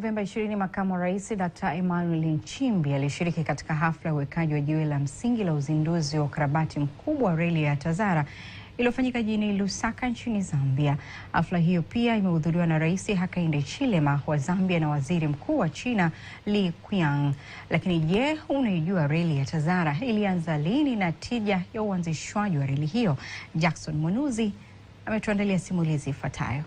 Novemba 20 makamu wa rais Dkt. Emmanuel Nchimbi alishiriki katika hafla ya uwekaji wa jiwe la msingi la uzinduzi wa ukarabati mkubwa wa reli ya Tazara iliyofanyika jijini Lusaka nchini Zambia. Hafla hiyo pia imehudhuriwa na Rais Hakainde Chilema wa Zambia na Waziri Mkuu wa China Li Qiang. Lakini je, unaijua reli ya Tazara ilianza lini na tija ya uanzishwaji wa reli hiyo? Jackson Munuzi ametuandalia simulizi ifuatayo.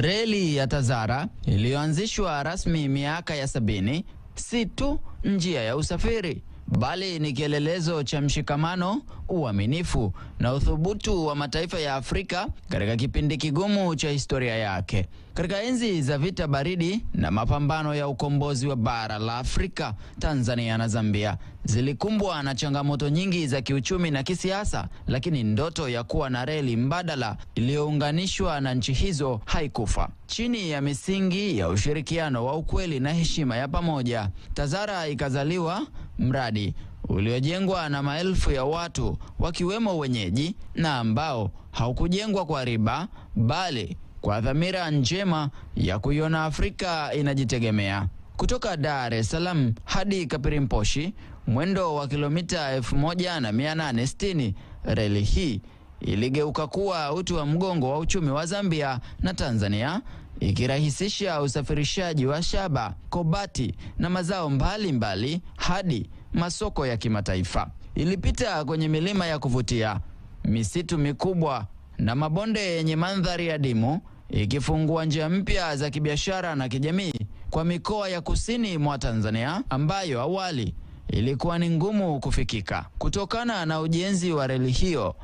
Reli ya Tazara iliyoanzishwa rasmi miaka ya sabini si tu njia ya usafiri bali ni kielelezo cha mshikamano, uaminifu na uthubutu wa mataifa ya Afrika katika kipindi kigumu cha historia yake. Katika enzi za vita baridi na mapambano ya ukombozi wa bara la Afrika, Tanzania na Zambia zilikumbwa na changamoto nyingi za kiuchumi na kisiasa, lakini ndoto ya kuwa na reli mbadala iliyounganishwa na nchi hizo haikufa. Chini ya misingi ya ushirikiano wa ukweli na heshima ya pamoja, TAZARA ikazaliwa mradi uliojengwa na maelfu ya watu wakiwemo wenyeji na ambao haukujengwa kwa riba bali kwa dhamira njema ya kuiona Afrika inajitegemea. Kutoka Dar es Salaam hadi Kapirimposhi, mwendo wa kilomita 1860, reli hii iligeuka kuwa uti wa mgongo wa uchumi wa Zambia na Tanzania ikirahisisha usafirishaji wa shaba, kobati na mazao mbalimbali mbali hadi masoko ya kimataifa. Ilipita kwenye milima ya kuvutia, misitu mikubwa na mabonde yenye mandhari adimu, ikifungua njia mpya za kibiashara na kijamii kwa mikoa ya kusini mwa Tanzania ambayo awali ilikuwa ni ngumu kufikika. Kutokana na ujenzi wa reli hiyo,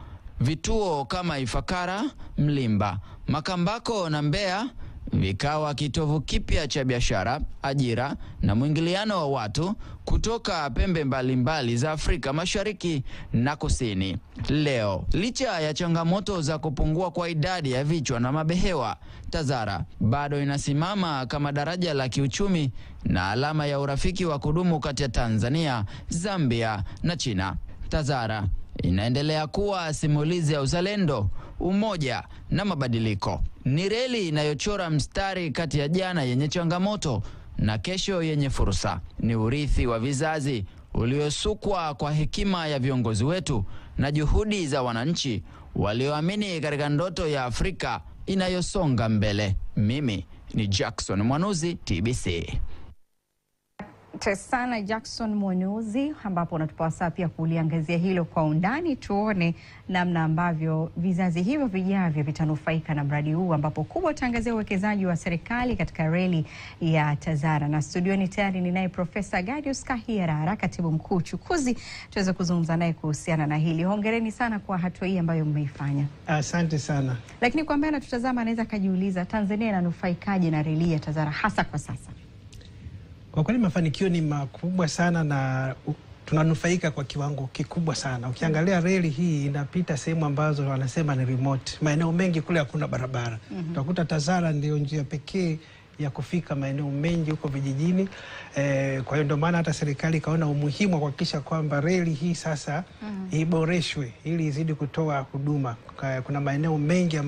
vituo kama Ifakara, Mlimba, Makambako na Mbeya vikawa kitovu kipya cha biashara, ajira na mwingiliano wa watu kutoka pembe mbalimbali mbali za Afrika Mashariki na Kusini. Leo, licha ya changamoto za kupungua kwa idadi ya vichwa na mabehewa, Tazara bado inasimama kama daraja la kiuchumi na alama ya urafiki wa kudumu kati ya Tanzania, Zambia na China. Tazara inaendelea kuwa simulizi ya uzalendo, umoja na mabadiliko. Ni reli inayochora mstari kati ya jana yenye changamoto na kesho yenye fursa. Ni urithi wa vizazi uliosukwa kwa hekima ya viongozi wetu na juhudi za wananchi walioamini katika ndoto ya Afrika inayosonga mbele. Mimi ni Jackson Mwanuzi, TBC. Asante sana Jackson Mwanuzi, ambapo unatupa wasaa pia kuliangazia hilo kwa undani, tuone namna ambavyo vizazi hivyo vijavyo vitanufaika na mradi huu, ambapo kubwa utaangazia uwekezaji wa serikali katika reli ya TAZARA. Na studioni tayari ninaye Profesa Gadius Kahiarara, katibu mkuu uchukuzi, tuweze kuzungumza naye kuhusiana na hili. Hongereni sana kwa hatua hii ambayo mmeifanya. Asante sana. Lakini kwa ambaye anatutazama anaweza akajiuliza, Tanzania inanufaikaje na reli ya TAZARA hasa kwa sasa? Kwa kweli mafanikio ni makubwa sana na tunanufaika kwa kiwango kikubwa sana. Ukiangalia reli hii inapita sehemu ambazo wanasema ni remote. Maeneo mengi kule hakuna barabara. Mm -hmm. Utakuta TAZARA ndio njia pekee ya kufika maeneo mengi huko vijijini. E, kwa hiyo ndio maana hata serikali ikaona umuhimu wa kuhakikisha kwamba reli hii sasa mm -hmm. iboreshwe ili izidi kutoa huduma. Kuna maeneo mengi